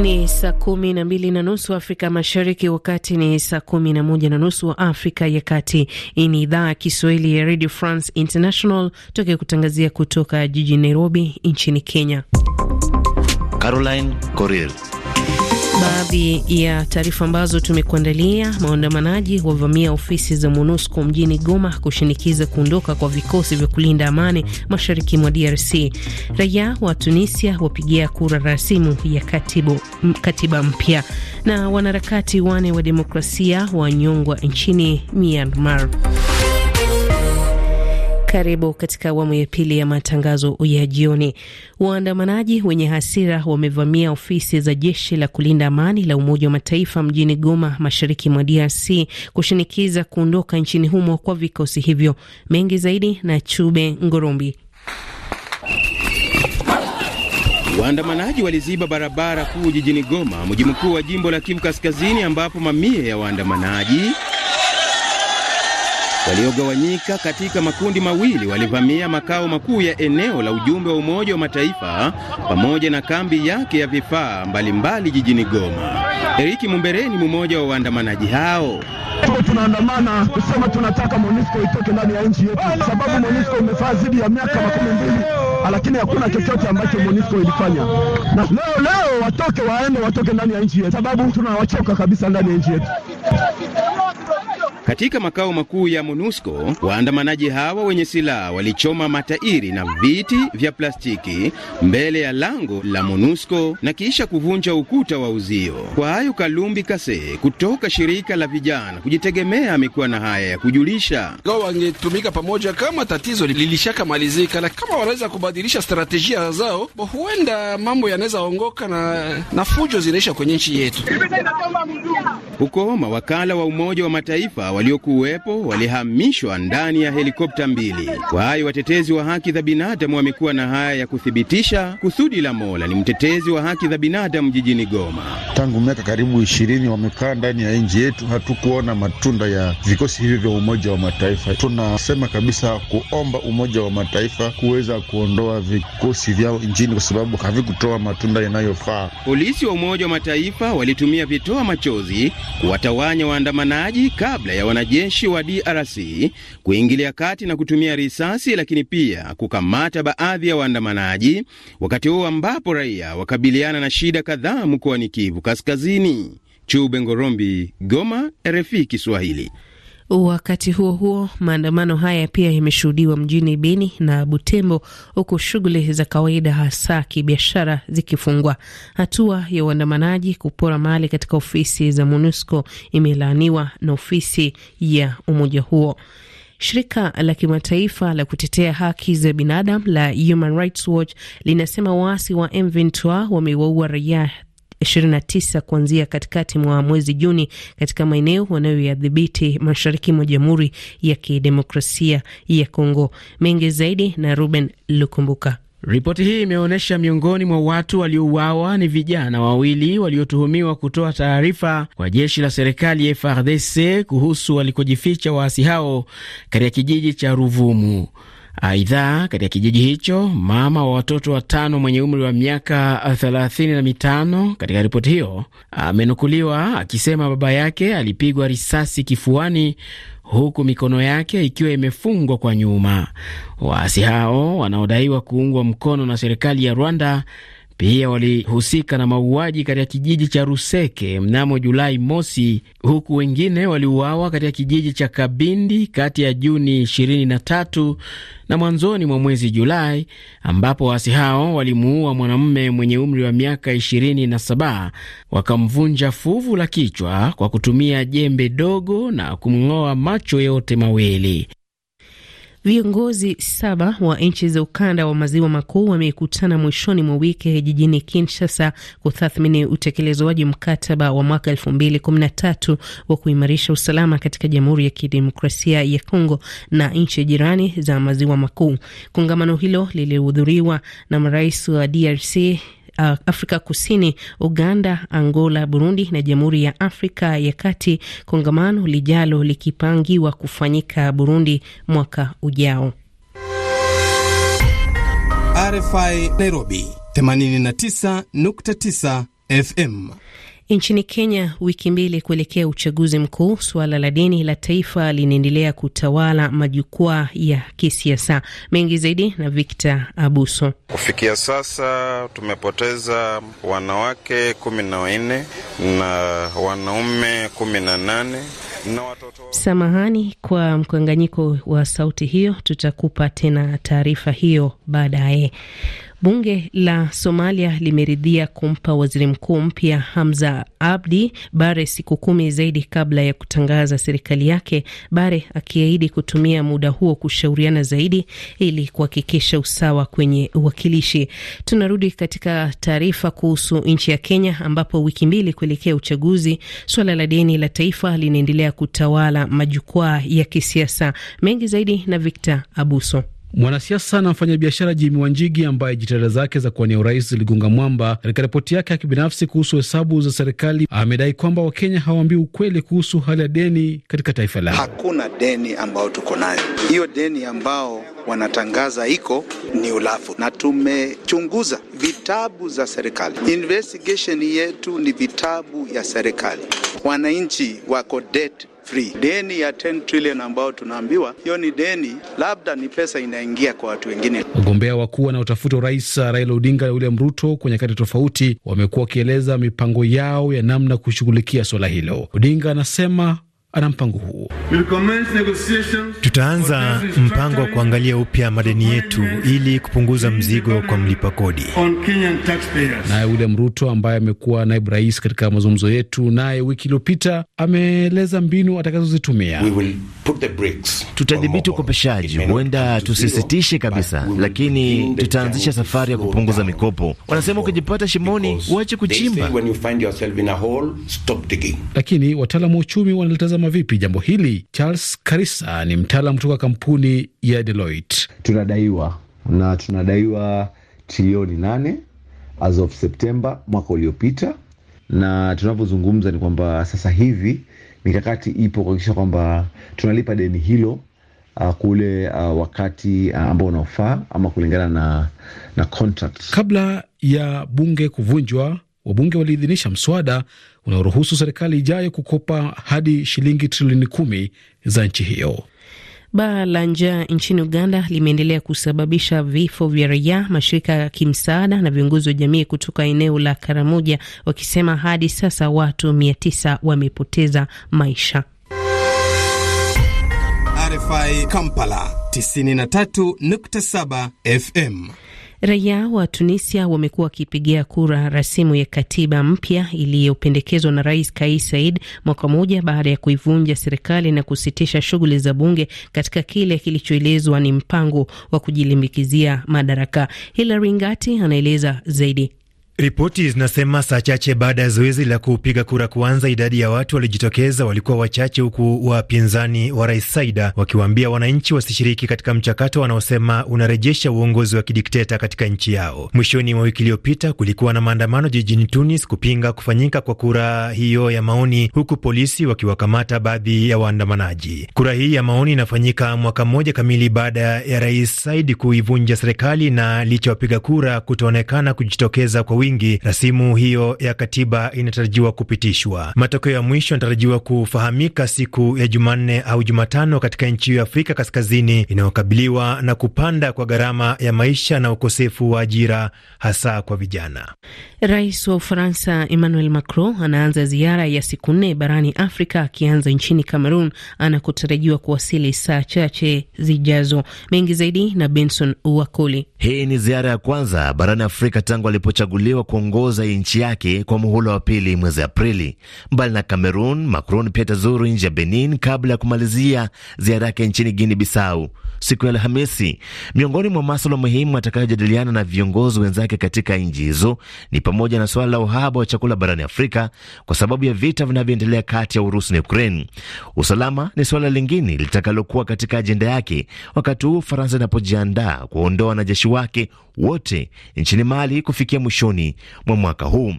Ni saa kumi na mbili na nusu Afrika Mashariki, wakati ni saa kumi na moja na nusu Afrika ya Kati. Hii ni idhaa ya Kiswahili ya Radio France International tokea kutangazia kutoka jijini Nairobi nchini Kenya. Caroline Coril Baadhi ya taarifa ambazo tumekuandalia: waandamanaji wavamia ofisi za MONUSCO mjini Goma kushinikiza kuondoka kwa vikosi vya kulinda amani mashariki mwa DRC. Raia wa Tunisia wapigia kura rasimu ya katibu, katiba mpya, na wanaharakati wane wa demokrasia wanyongwa nchini Myanmar. Karibu katika awamu ya pili ya matangazo ya jioni. Waandamanaji wenye hasira wamevamia ofisi za jeshi la kulinda amani la Umoja wa Mataifa mjini Goma, mashariki mwa DRC, kushinikiza kuondoka nchini humo kwa vikosi hivyo. Mengi zaidi na Chube Ngorombi. Waandamanaji waliziba barabara kuu jijini Goma, mji mkuu wa jimbo la Kivu Kaskazini, ambapo mamia ya waandamanaji waliogawanyika katika makundi mawili walivamia makao makuu ya eneo la ujumbe wa Umoja wa Mataifa pamoja na kambi yake ya vifaa mbalimbali jijini Goma. Eriki Mumbere ni mmoja wa waandamanaji hao. Tuko tunaandamana kusema tunataka MONUSCO itoke ndani ya nchi yetu, sababu MONUSCO imefaa zidi ya miaka makumi mbili lakini hakuna chochote ambacho MONUSCO ilifanya, na leo leo watoke waende, watoke ndani ya nchi yetu, sababu tunawachoka kabisa ndani ya nchi yetu. Katika makao makuu ya MONUSCO, waandamanaji hawa wenye silaha walichoma matairi na viti vya plastiki mbele ya lango la MONUSCO na kisha kuvunja ukuta wa uzio. Kwa hayo, Kalumbi Kase kutoka shirika la vijana kujitegemea amekuwa na haya ya kujulisha. wangetumika pamoja kama tatizo lilishakamalizika, lakini kama wanaweza kubadilisha strategia zao, huenda mambo yanaweza ongoka na, na fujo zinaisha kwenye nchi yetu. Huko mawakala wa Umoja wa Mataifa waliokuwepo walihamishwa ndani ya helikopta mbili. Kwa hayo, watetezi wa haki za binadamu wamekuwa na haya ya kuthibitisha. Kusudi la Mola ni mtetezi wa haki za binadamu jijini Goma. Tangu miaka karibu ishirini wamekaa ndani ya nchi yetu, hatukuona matunda ya vikosi hivyo vya Umoja wa Mataifa. Tunasema kabisa kuomba Umoja wa Mataifa kuweza kuondoa vikosi vyao nchini kwa sababu havikutoa matunda yanayofaa. Polisi wa Umoja wa Mataifa walitumia vitoa machozi kuwatawanya waandamanaji kabla ya wanajeshi wa DRC kuingilia kati na kutumia risasi, lakini pia kukamata baadhi ya waandamanaji, wakati huo ambapo raia wakabiliana na shida kadhaa mkoani Kivu Kaskazini. Chube Ngorombi, Goma, RFI Kiswahili. Wakati huo huo, maandamano haya pia yameshuhudiwa mjini Beni na Butembo, huku shughuli za kawaida hasa kibiashara zikifungwa. Hatua ya uandamanaji kupora mali katika ofisi za MONUSCO imelaaniwa na ofisi ya umoja huo. Shirika la kimataifa la kutetea haki za binadamu la Human Rights Watch linasema waasi wa M23 wamewaua raia 29 kuanzia katikati mwa mwezi Juni katika maeneo wanayoyadhibiti mashariki mwa Jamhuri ya Kidemokrasia ya Kongo. Mengi zaidi na Ruben Lukumbuka. Ripoti hii imeonyesha miongoni mwa watu waliouawa ni vijana wawili waliotuhumiwa kutoa taarifa kwa jeshi la serikali FRDC kuhusu walikojificha waasi hao katika kijiji cha Ruvumu. Aidha, katika kijiji hicho mama wa watoto watano mwenye umri wa miaka thelathini na mitano katika ripoti hiyo amenukuliwa akisema baba yake alipigwa risasi kifuani huku mikono yake ikiwa imefungwa kwa nyuma. Waasi hao wanaodaiwa kuungwa mkono na serikali ya Rwanda pia walihusika na mauaji katika kijiji cha Ruseke mnamo Julai mosi, huku wengine waliuawa katika kijiji cha Kabindi kati ya Juni 23 na mwanzoni mwa mwezi Julai, ambapo waasi hao walimuua mwanamume mwenye umri wa miaka 27 wakamvunja fuvu la kichwa kwa kutumia jembe dogo na kumng'oa macho yote mawili. Viongozi saba wa nchi za ukanda wa maziwa makuu wamekutana mwishoni mwa wiki jijini Kinshasa kutathmini utekelezwaji mkataba wa mwaka elfu mbili kumi na tatu wa kuimarisha usalama katika Jamhuri ya Kidemokrasia ya Kongo na nchi jirani za maziwa makuu. Kongamano hilo lilihudhuriwa na marais wa DRC Uh, Afrika Kusini, Uganda, Angola, Burundi na Jamhuri ya Afrika ya Kati, kongamano lijalo likipangiwa kufanyika Burundi mwaka ujao. RFI Nairobi 89.9 FM. Nchini Kenya, wiki mbili kuelekea uchaguzi mkuu, suala la deni la taifa linaendelea kutawala majukwaa ya kisiasa mengi zaidi. Na Victor Abuso, kufikia sasa tumepoteza wanawake kumi na wanne na wanaume kumi na nane na watoto. Samahani kwa mkanganyiko wa sauti hiyo, tutakupa tena taarifa hiyo baadaye. Bunge la Somalia limeridhia kumpa waziri mkuu mpya Hamza Abdi Bare siku kumi zaidi kabla ya kutangaza serikali yake, Bare akiahidi kutumia muda huo kushauriana zaidi ili kuhakikisha usawa kwenye uwakilishi. Tunarudi katika taarifa kuhusu nchi ya Kenya, ambapo wiki mbili kuelekea uchaguzi, suala la deni la taifa linaendelea kutawala majukwaa ya kisiasa mengi zaidi na Victor Abuso. Mwanasiasa na mfanyabiashara Jimi Wanjigi, ambaye jitihada zake za kuwania urais ziligonga mwamba, katika ripoti yake ya kibinafsi kuhusu hesabu za serikali amedai kwamba Wakenya hawaambii ukweli kuhusu hali ya deni katika taifa lao. Hakuna deni ambayo tuko nayo, hiyo deni ambao wanatangaza iko ni ulafu, na tumechunguza vitabu za serikali. Investigation yetu ni vitabu ya serikali. Wananchi wako debt free. Deni ya 10 trillion ambayo tunaambiwa hiyo ni deni, labda ni pesa inaingia kwa watu wengine. Wagombea wakuu wanaotafuta urais uh, Raila Odinga na William Ruto kwa nyakati tofauti wamekuwa wakieleza mipango yao ya namna kushughulikia suala hilo. Odinga anasema ana mpango huo. Tutaanza mpango wa kuangalia upya madeni yetu ili kupunguza mzigo kwa mlipa kodi. Naye William Ruto ambaye amekuwa naibu rais katika mazungumzo yetu naye wiki iliyopita ameeleza mbinu atakazozitumia. Tutadhibiti ukopeshaji, huenda tusisitishe kabisa, lakini tutaanzisha safari ya kupunguza mikopo. Wanasema ukijipata shimoni uache kuchimba. Lakini wataalamu wa uchumi wanalitazama vipi jambo hili? Charles Karisa ni mtaalam kutoka kampuni ya Deloitte. Tunadaiwa na tunadaiwa trilioni nane as of Septemba mwaka uliopita, na tunavyozungumza ni kwamba sasa hivi mikakati ipo kuhakikisha kwamba tunalipa deni hilo uh, kule uh, wakati uh, ambao unaofaa ama kulingana na, na contract. Kabla ya bunge kuvunjwa, wabunge waliidhinisha mswada unaoruhusu serikali ijayo kukopa hadi shilingi trilioni kumi za nchi hiyo. Baa la njaa nchini Uganda limeendelea kusababisha vifo vya raia, mashirika ya kimsaada na viongozi wa jamii kutoka eneo la Karamoja wakisema hadi sasa watu mia tisa wamepoteza maisha. RFI Kampala 93.7 FM. Raia wa Tunisia wamekuwa wakipigia kura rasimu ya katiba mpya iliyopendekezwa na Rais Kais Saied mwaka mmoja baada ya kuivunja serikali na kusitisha shughuli za bunge katika kile kilichoelezwa ni mpango wa kujilimbikizia madaraka. Hilary Ngati anaeleza zaidi. Ripoti zinasema saa chache baada ya zoezi la kupiga kura kuanza, idadi ya watu waliojitokeza walikuwa wachache, huku wapinzani wa rais Saida wakiwaambia wananchi wasishiriki katika mchakato wanaosema unarejesha uongozi wa kidikteta katika nchi yao. Mwishoni mwa wiki iliyopita kulikuwa na maandamano jijini Tunis kupinga kufanyika kwa kura hiyo ya maoni, huku polisi wakiwakamata baadhi ya waandamanaji. Kura hii ya maoni inafanyika mwaka mmoja kamili baada ya rais saidi kuivunja serikali, na licha wapiga kura kutoonekana kujitokeza kwa wingi msingi, rasimu hiyo ya katiba inatarajiwa kupitishwa. Matokeo ya mwisho yanatarajiwa kufahamika siku ya Jumanne au Jumatano katika nchi hiyo ya Afrika Kaskazini inayokabiliwa na kupanda kwa gharama ya maisha na ukosefu wa ajira, hasa kwa vijana. Rais wa Ufaransa Emmanuel Macron anaanza ziara ya siku nne barani Afrika, akianza nchini Cameroon anakotarajiwa kuwasili saa chache zijazo. Mengi zaidi na Benson Wakoli. Hii ni ziara ya kwanza barani Afrika tangu alipochaguliwa anatarajiwa kuongoza nchi yake kwa muhula wa pili mwezi Aprili. Mbali na Cameroon, Macron pia atazuru nchi ya Benin kabla ya kumalizia ziara yake nchini Guinea Bissau siku ya Alhamisi. Miongoni mwa masuala muhimu atakayojadiliana na viongozi wenzake katika nchi hizo ni pamoja na suala la uhaba wa chakula barani Afrika kwa sababu ya vita vinavyoendelea kati ya Urusi na Ukraine. Usalama ni suala lingine litakalokuwa katika ajenda yake, wakati huu Faransa inapojiandaa kuondoa wanajeshi wake wote nchini Mali kufikia mwishoni mwishoni mwa mwaka huu.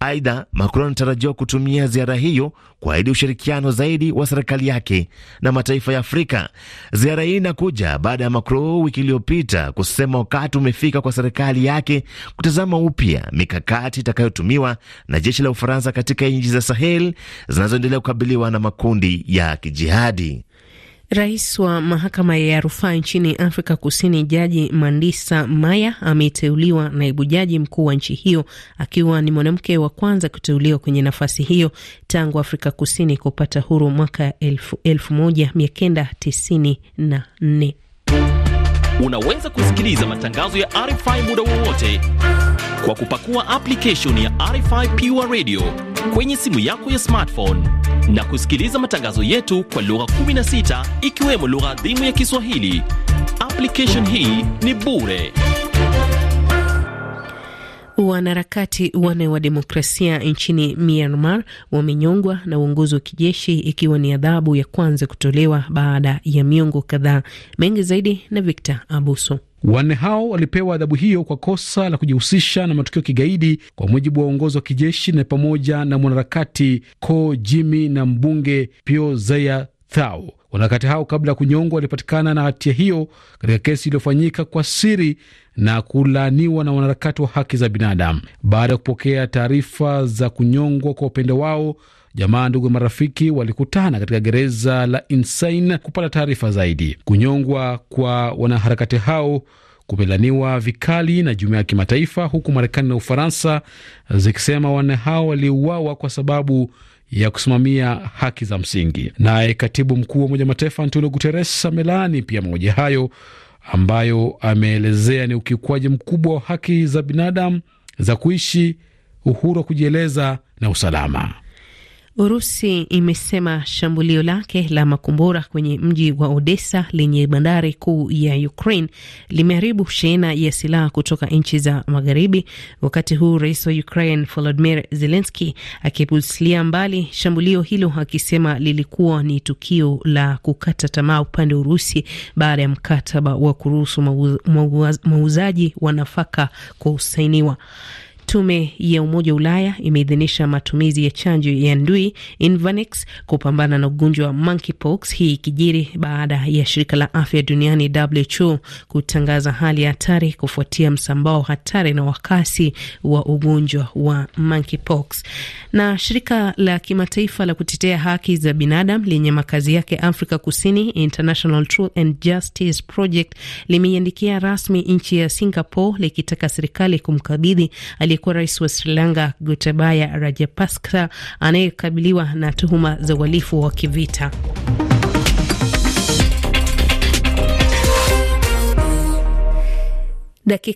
Aidha, Macron anatarajiwa kutumia ziara hiyo kuahidi ushirikiano zaidi wa serikali yake na mataifa ya Afrika. Ziara hii inakuja baada ya Macron wiki iliyopita kusema wakati umefika kwa serikali yake kutazama upya mikakati itakayotumiwa na jeshi la Ufaransa katika nchi za Sahel zinazoendelea kukabiliwa na makundi ya kijihadi. Rais wa mahakama ya rufaa nchini Afrika Kusini, Jaji Mandisa Maya ameteuliwa naibu jaji mkuu wa nchi hiyo, akiwa ni mwanamke wa kwanza kuteuliwa kwenye nafasi hiyo tangu Afrika Kusini kupata huru mwaka 1994. Unaweza kusikiliza matangazo ya RFI muda wowote kwa kupakua application ya RFI Pure Radio kwenye simu yako ya smartphone na kusikiliza matangazo yetu kwa lugha 16 ikiwemo lugha adhimu ya Kiswahili. Application hii ni bure. Wanaharakati wane wa demokrasia nchini Myanmar wamenyongwa na uongozi wa kijeshi ikiwa ni adhabu ya kwanza kutolewa baada ya miongo kadhaa. Mengi zaidi na Victor Abuso. Wanne hao walipewa adhabu hiyo kwa kosa la kujihusisha na matukio kigaidi kwa mujibu wa uongozi wa kijeshi na pamoja na mwanaharakati Ko Jimi na mbunge Pio Zaya Thao. Wanaharakati hao kabla ya kunyongwa walipatikana na hatia hiyo katika kesi iliyofanyika kwa siri na kulaaniwa na wanaharakati wa haki za binadamu. Baada ya kupokea taarifa za kunyongwa kwa upendo wao, jamaa, ndugu na marafiki walikutana katika gereza la Insein kupata taarifa zaidi. Kunyongwa kwa wanaharakati hao kumelaniwa vikali na jumuiya ya kimataifa, huku Marekani na Ufaransa zikisema wanne hao waliuawa kwa sababu ya kusimamia haki za msingi. Naye katibu mkuu wa Umoja Mataifa Antonio Guterres amelaani pia mauaji hayo ambayo ameelezea ni ukiukwaji mkubwa wa haki za binadamu za kuishi, uhuru wa kujieleza na usalama. Urusi imesema shambulio lake la makombora kwenye mji wa Odessa lenye bandari kuu ya Ukraine limeharibu shehena ya silaha kutoka nchi za magharibi, wakati huu rais wa Ukraine Volodymyr Zelensky akipuzilia mbali shambulio hilo, akisema lilikuwa ni tukio la kukata tamaa upande wa Urusi baada ya mkataba wa kuruhusu mauzaji wa nafaka kusainiwa. Tume ya Umoja wa Ulaya imeidhinisha matumizi ya chanjo ya ndui Invanex kupambana na ugonjwa wa monkeypox, hii ikijiri baada ya shirika la afya duniani WHO kutangaza hali ya hatari kufuatia msambao hatari na wakasi wa ugonjwa wa monkeypox. Na shirika la kimataifa la kutetea haki za binadamu lenye makazi yake Afrika Kusini, International Truth and Justice Project, limeiandikia rasmi nchi ya Singapore likitaka serikali kumkabidhi aliyekuwa rais wa Sri Lanka Gotabaya Rajapaksa anayekabiliwa na tuhuma za uhalifu wa kivita. Dakika